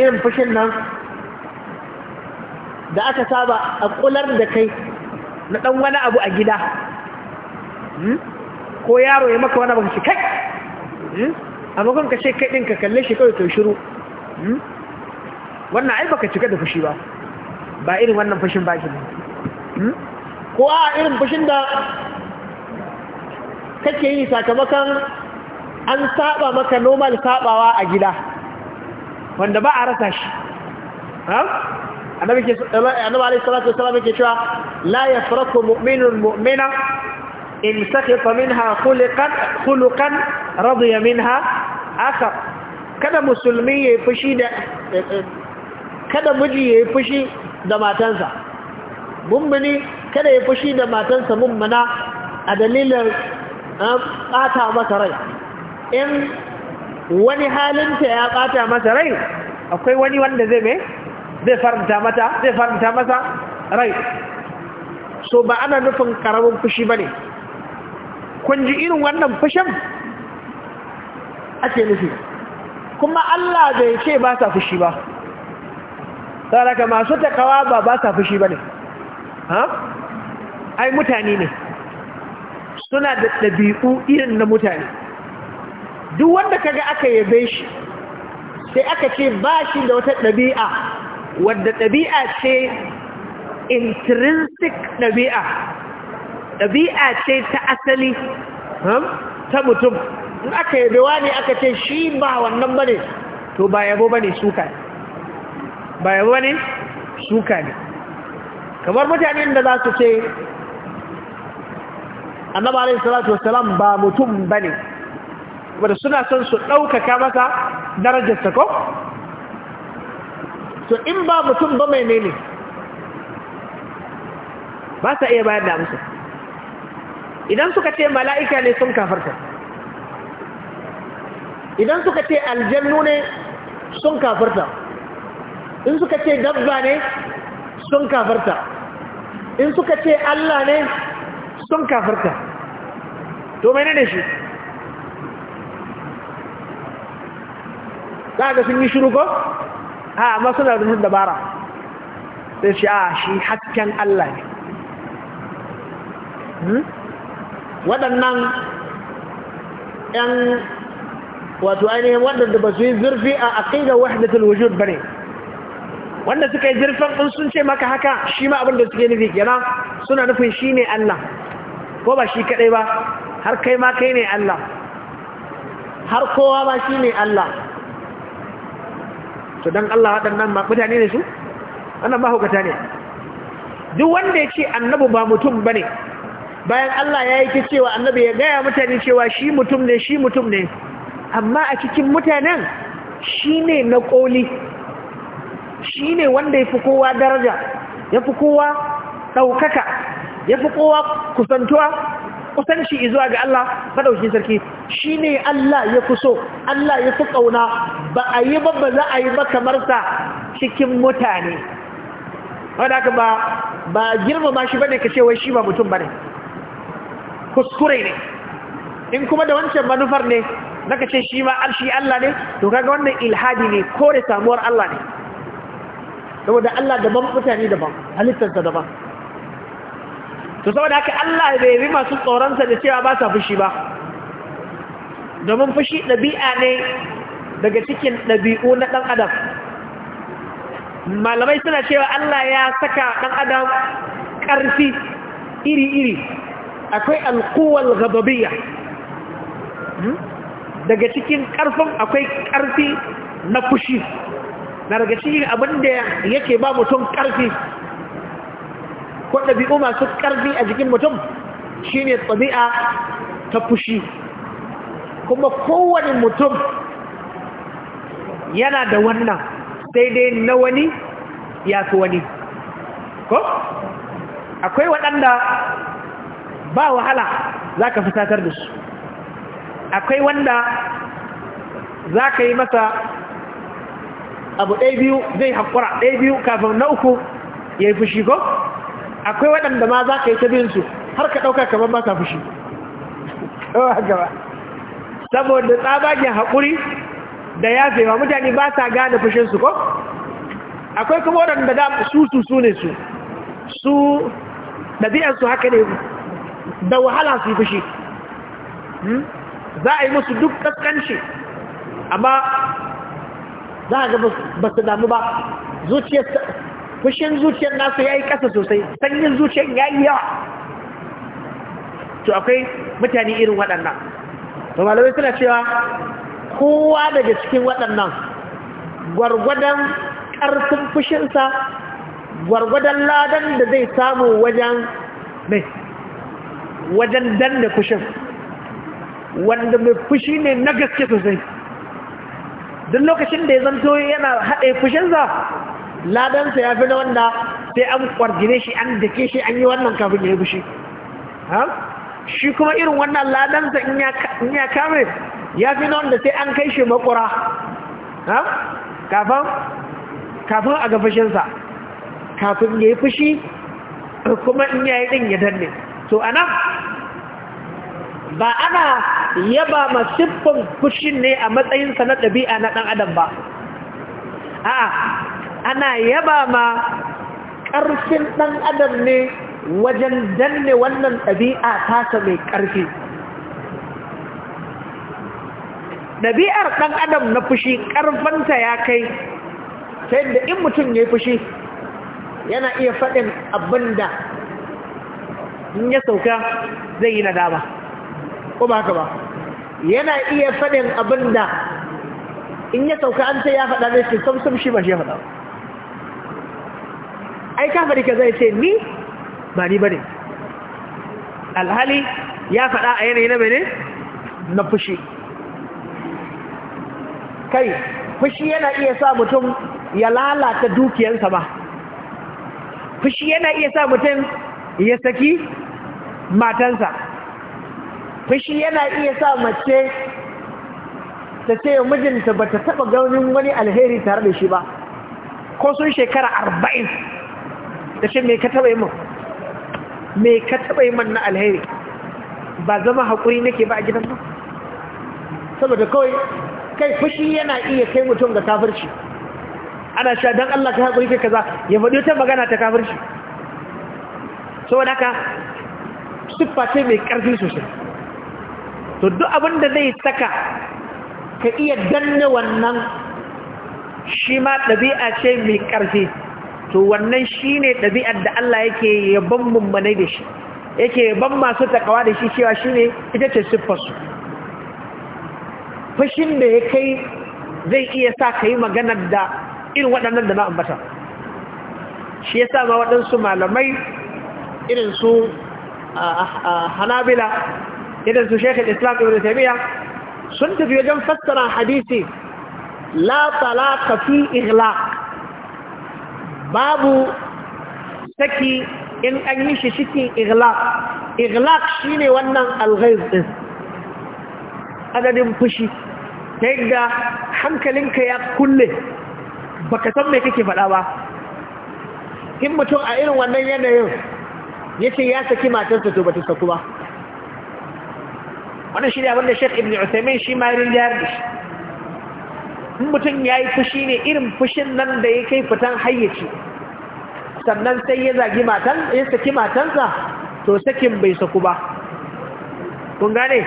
irin fushin nan da aka saba a kular da kai na ɗan wani abu a gida hmm? ko yaro ya maka wani abu shi kai hmm? a makon ka ce kai ka kalle shi kawai kai shiru hmm? wannan ai baka cika da fushi ba ba irin wannan fushin ba shi ne ko a irin fushin da kake yi sakamakon an saba maka normal sabawa a gida wanda ba a rasa shi annabi alaihi salatu wasallam yake cewa la yafraku mu'minun mu'mina in sakhifa minha khuluqan khuluqan radiya minha akhar kada musulmi yayi fushi da kada miji yayi fushi da matansa mummuni kada yayi fushi da matansa mummuna a dalilin ɓata masa rai in wani halinta ya ɓata masa rai akwai wani wanda zai mai zai faranta mata zai faranta masa rai so ba ana nufin karamin fushi bane kun ji irin wannan fushin ake nufi kuma Allah bai ce ba sa fushi ba saraka masu takawa ba ba sa fushi bane ha ai mutane ne suna da ɗabi'u irin na mutane duk wanda ka ga aka yabe shi sai aka ce ba shi da wata ɗabi'a wadda ɗabi'a ce intrinsic ɗabi'a ɗabi'a ce ta asali hmm, ta mutum in aka yabe ne aka ce shi ba wannan bane to ba yabo bane suka ne ba yabo bane suka ne kamar mutane da za su ce annaba alaihi salatu wasalam ba mutum ba ne. wadda suna son su ɗaukaka masa darajarsa ko? to in ba mutum ba mai ne ba sa iya bayar da musu idan suka ce mala'ika ne sun kafarta idan suka ce aljannu ne sun kafarta in suka ce dabba ne sun kafarta in suka ce Allah ne sun kafarta to mai ne shi za ga sun yi shiru ko a amma suna da sun dabara sai shi a shi hasken Allah ne hmm? waɗannan ‘yan wato ainihin waɗanda ba su yi zurfi a ga wahdatul wujud ba ne wanda suka yi zurfin in sun ce maka haka shi ma abin abinda suke nufi kenan suna nufin shi ne Allah ko ba shi kaɗai ba har kai ma kai ne Allah har kowa ma shi ne Allah to don Allah waɗannan mutane ne su annan mahaukata ne duk wanda ya ce annabi ba mutum ba ne bayan Allah ya yi ta cewa annabi ya gaya mutane cewa shi mutum ne shi mutum ne amma a cikin mutanen shi ne na ƙoli shi ne wanda ya fi kowa daraja ya fi kowa ɗaukaka ya fi kowa kusantuwa kusanci zuwa ga Allah madaukakin sarki shine Allah ya fi so Allah ya fi kauna ba a yi ba ba za a yi ba kamar sa cikin mutane wanda haka ba ba girmama shi bane ka ce wai shi ba mutum bane kuskure ne in kuma da wancan manufar ne naka ce shi ma arshi Allah ne to kaga wannan ilhadi ne kore samuwar Allah ne saboda Allah daban mutane daban halittarsa daban to saboda haka Allah bai bi masu tsoronsa da cewa ba sa fushi ba domin fushi ɗabi'a ne daga cikin ɗabi'u na ɗan adam malamai suna cewa Allah ya saka ɗan adam ƙarfi iri-iri akwai alkuwal gababiya hmm? daga cikin ƙarfin akwai ƙarfi na fushi na daga cikin abin da yake ba mutum ƙarfi ko ɗabi'u masu ƙarfi a jikin mutum shine ɗabi'a ta fushi kuma kowane mutum yana da wannan sai dai na wani ya fi wani ko? akwai waɗanda ba wahala za ka fusatar da su akwai wanda za ka yi masa abu ɗaya biyu zai haƙura ɗaya biyu kafin na uku ya yi fushi ko? akwai waɗanda ma za ka yi ta binsu har ka ɗauka kamar ba ta fushi saboda tsabagen haƙuri da yafewa mutane ba sa gane fushinsu ko akwai kuma waɗanda da su su su ne su su haka ne da wahala su fushi hmm? za a yi musu duk ƙasƙanci amma za a ga ba su damu ba zuciyar fushin zuciyar nasu ya yi ƙasa sosai sanyin zuciyar ya yi yawa to akwai mutane irin waɗannan to malamai suna cewa kowa daga cikin waɗannan gwargwadon ƙarfin fushinsa gwargwadon ladan da zai samu wajen mai wajen da fushin wanda mai fushi ne na gaske sosai duk lokacin da ya zanto yana haɗe fushinsa ladansa ya fi na wanda sai an kwargine shi an dake shi an yi wannan kafin ya yi fushi shi kuma irin wannan ladansa in ya kamar ya fi na wanda sai an kai shi makura kafin a ga kafin ya yi fushi kuma in ya yi ɗin ya danne to a nan ba ana yaba masu siffin fushin ne a matsayinsa na ɗabi'a na ɗan adam ba a'a ana yaba ma ƙarfin ɗan adam ne wajen danne wannan ɗabi'a tasa mai ƙarfi ɗabi'ar ɗan adam na fushi ƙarfanta ya kai ta yadda in mutum ya yi fushi yana iya faɗin abin da in ya sauka zai yi dama ko ba haka ba yana iya faɗin abin da in ya sauka an sai ya faɗa zai ce samsam shi ba shi ya faɗa ba ai kafari ka zai ce ni ba ni bane alhali ya faɗa a yanayi na mene na fushi kai fushi yana iya sa mutum ya lalata dukiyarsa ba fushi yana iya sa mutum ya saki matansa fushi yana iya sa mace ta ce mijinta ba ta taɓa ganin wani alheri tare da shi ba ko sun shekara arba'in da shi mai ka taɓa yi min mai ka taɓa yi na alheri ba zama haƙuri nake ba a gidan ba saboda kawai kai fushi yana iya kai mutum ga kafirci ana sha don Allah ka haƙuri kai kaza ya faɗi wata magana ta kafirci saboda ka siffa ce mai ƙarfi sosai to duk abin da zai saka ka iya danne wannan shi ma ɗabi'a ce mai ƙarfi to wannan shine ɗabi'ar da Allah yake yaban mummanai da shi yake yaban masu takawa da shi cewa shine ita ce siffarsu fashin da ya kai zai iya sa ka yi maganar da irin waɗannan da na ambata shi ya sa ma waɗansu malamai irin su hanabila irin su shekul islam ibn taimiyya sun tafi wajen fassara hadisi la talaka fi ighla babu saki in an yi shi cikin iglaq iglaq shine wannan alghaiz din adadin fushi ta yadda hankalinka ya kulle baka san me kake faɗa ba in mutum a irin wannan yanayin yace ya saki matarsa to bata saku ba wannan shi ne abinda Sheikh Ibn Uthaymeen shi ma rinjayar da shi in mutum ya yi fushi ne irin fushin nan da ya kai fitan hayyaci sannan sai ya zagi matan ya saki matansa to sakin bai saku ba kun gane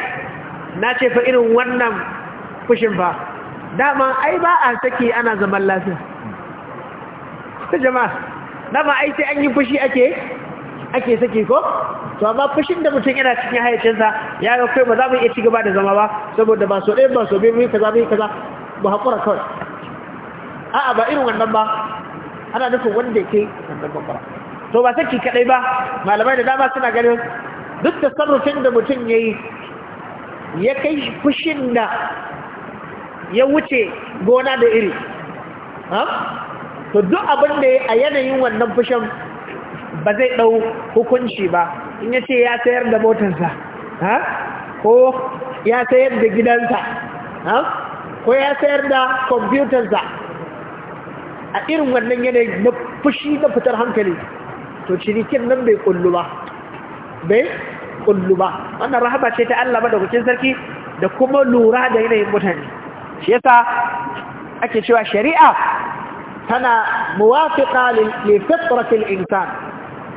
na ce fa irin wannan fushin ba dama ai ba a saki ana zaman lafiya ta jama'a dama ai sai an yi fushi ake ake saki ko to amma fushin da mutum yana cikin hayyacinsa ya ga kai ba za mu iya ci gaba da zama ba saboda ba so ɗaya ba so biyu kaza biyu kaza ba haƙura kawai a'a ba irin wannan ba ana nufin wanda ke wannan bambara to ba saki kadai ba malamai da dama suna ganin duk da sarrafin da mutum ya yi ya kai fushin da ya wuce gona da iri to duk abin da a yanayin wannan fushin ba zai ɗau hukunci ba in ya ce ya sayar da motarsa ko ya sayar da gidansa ko ya sayar da kwamfutarsa a irin wannan yanayi na fushi na fitar hankali to cinikin nan bai kullu ba bai kullu ba wannan rahaba ce ta Allah madaukakin sarki da kuma lura da yanayin mutane shi yasa ake cewa shari'a tana muwafiqa li fitratil insan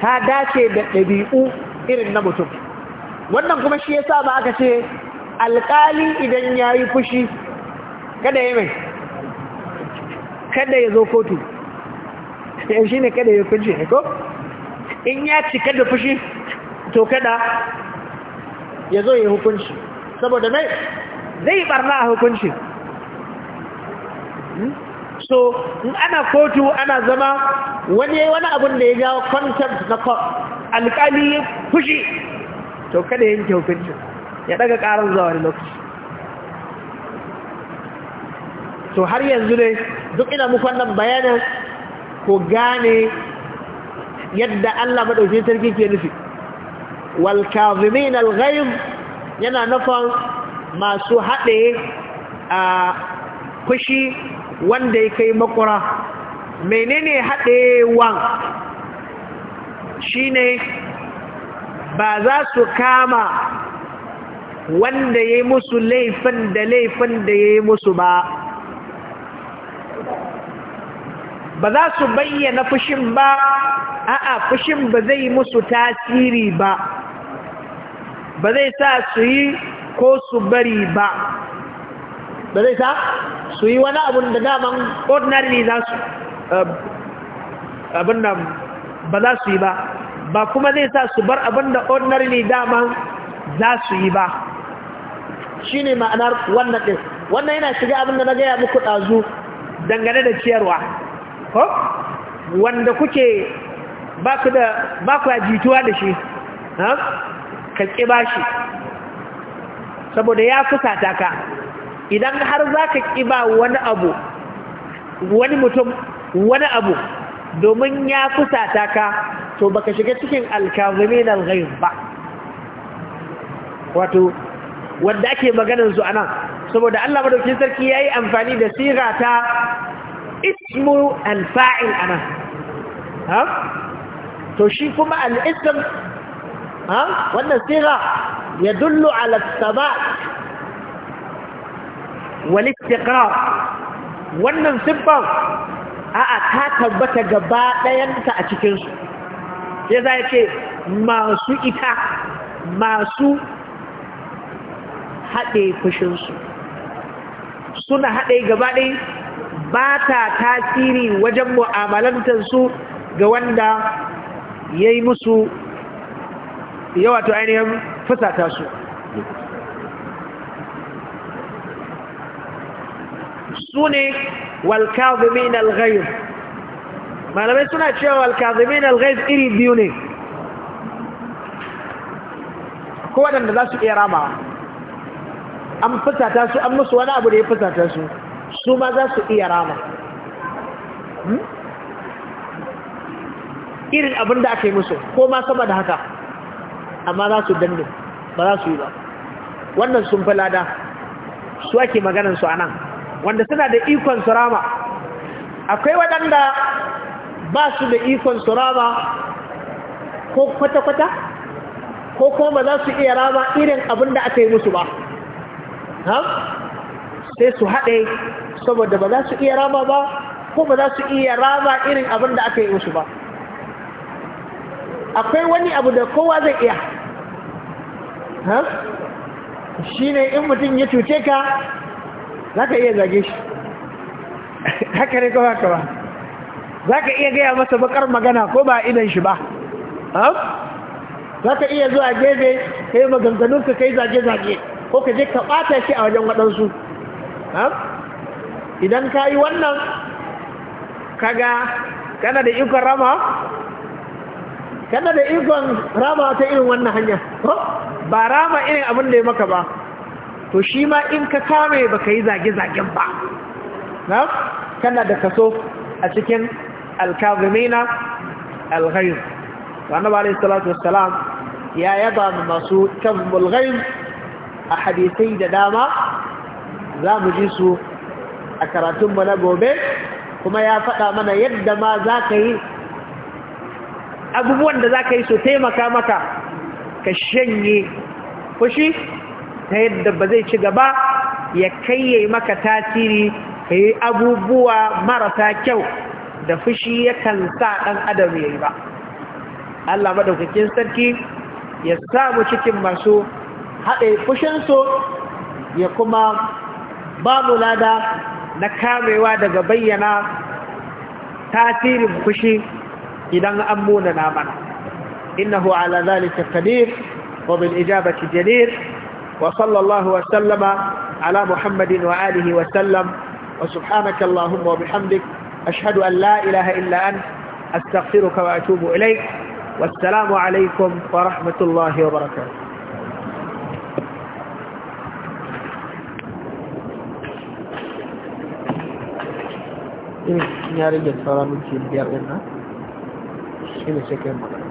ta dace da dabi'u irin na mutum wannan kuma shi yasa ba aka ce alƙali idan yayi fushi kada ya mai kada ya zo kotu yau shi ne kada ya fushi ne ko in ya ci kada fushi to kada ya zo ya hukunci saboda mai zai barna a hukunci hmm? so in ana kotu ana zama wani wani abun da ya jawo concept na alƙali fushi to kada yanke hukunci ya daga karar zuwa wani lokaci to har yanzu ne duk ina muku wannan bayanin ku gane yadda Allah madaukakin sarki ke nufi wal kazimin al ghaib yana nufin masu haɗe a kushi wanda ya kai makura menene haɗewan shine ba za su kama wanda ya yi musu laifin da laifin da ya yi musu ba ba za su bayyana fushin ba a'a fushin ba zai musu tasiri ba ba zai sa su yi ko su bari ba ba zai sa su yi wani abin da daman ordinarily za su um, abin nan ba za su yi ba ba kuma zai sa su bar abin da ordinarily daman za su yi ba shi ne ma'anar wannan ɗin wannan yana shiga abin da na gaya muku ɗazu dangane da ciyarwa ko wanda kuke ba ku da ba ku jituwa da shi ha ka kiba shi saboda ya fusata ka idan har za zaka kiba wani abu wani mutum wani abu domin ya fusata ka to baka shiga cikin alkazimin al-ghayb ba wato wanda ake maganar su anan saboda Allah madaukakin sarki yayi amfani da sigata ismu alfa'il ana ha to shi kuma al'ism ha wannan siga ya dullu alasaba sabat wannan istiqrar wannan sifan a'a ta tabbata gaba ɗayanta a cikinsu sai za ya ce masu ita masu haɗe fushinsu suna haɗe gaba ɗaya ba ta tasiri wajen mu'amalantarsu ga wanda ya yi musu yawa to ainihin fusata su su ne walkazimin alghayr malamai suna cewa walkazimin alghayr iri biyu ne ko waɗanda za su iya rama an fusata su an musu wani abu da ya fusata su su ma za su iya rama hmm? irin abin da aka yi musu ko ma sama da haka amma za su danne ba za su yi ba wannan sun fi lada su ake maganansu a nan wanda suna da ikon su rama akwai waɗanda ba su da ikon su rama ko kwata-kwata ko kuma ba za su iya rama irin abin da aka yi musu ba sai su haɗe saboda ba za su iya rama ba ko ba za su iya rama irin abin da aka yi musu ba akwai wani abu da kowa zai iya shi ne in mutum ya cuce ka za ka iya zage shi haka ne kawai ka ba za ka iya gaya masa bakar magana ko ba idan shi ba za ka iya zuwa gefe ka yi maganganunka ka yi zage-zage ko ka je ka ɓata shi a wajen waɗansu idan ka yi wannan kaga kana da ikon rama kana da ikon rama ta irin wannan hanya ba rama irin abin da ya maka ba to shi ma in ka kame ba ka yi zage-zagen ba na kana da kaso a cikin alkazimina alghayin wani ba alaihi salatu wassalam ya yaba masu kan ghayin a hadisai da dama za mu ji su a karatunmu na gobe kuma ya faɗa mana yadda ma za ka yi abubuwan da za ka yi su taimaka maka ka shanye fushi ta yadda ba zai ci gaba ya kayye maka tasiri ka yi abubuwa marasa kyau da fushi yakan sa ɗan adam ya yi ba Allah maɗaukakin sarki ya samu cikin masu haɗe fushinsu ya kuma babu lada na kamewa daga bayyana tasirin fushi idan an munana mana innahu ala zalika qadir wa bil ijabati jadir wa sallallahu wa sallama ala muhammadin wa alihi wa sallam wa subhanaka allahumma wa bihamdik ashhadu an la ilaha illa ant astaghfiruka wa atubu ilayk والسلام wa ورحمة wa وبركاته irin ya rage sauran minti biyar ɗin nan shi ne sai magana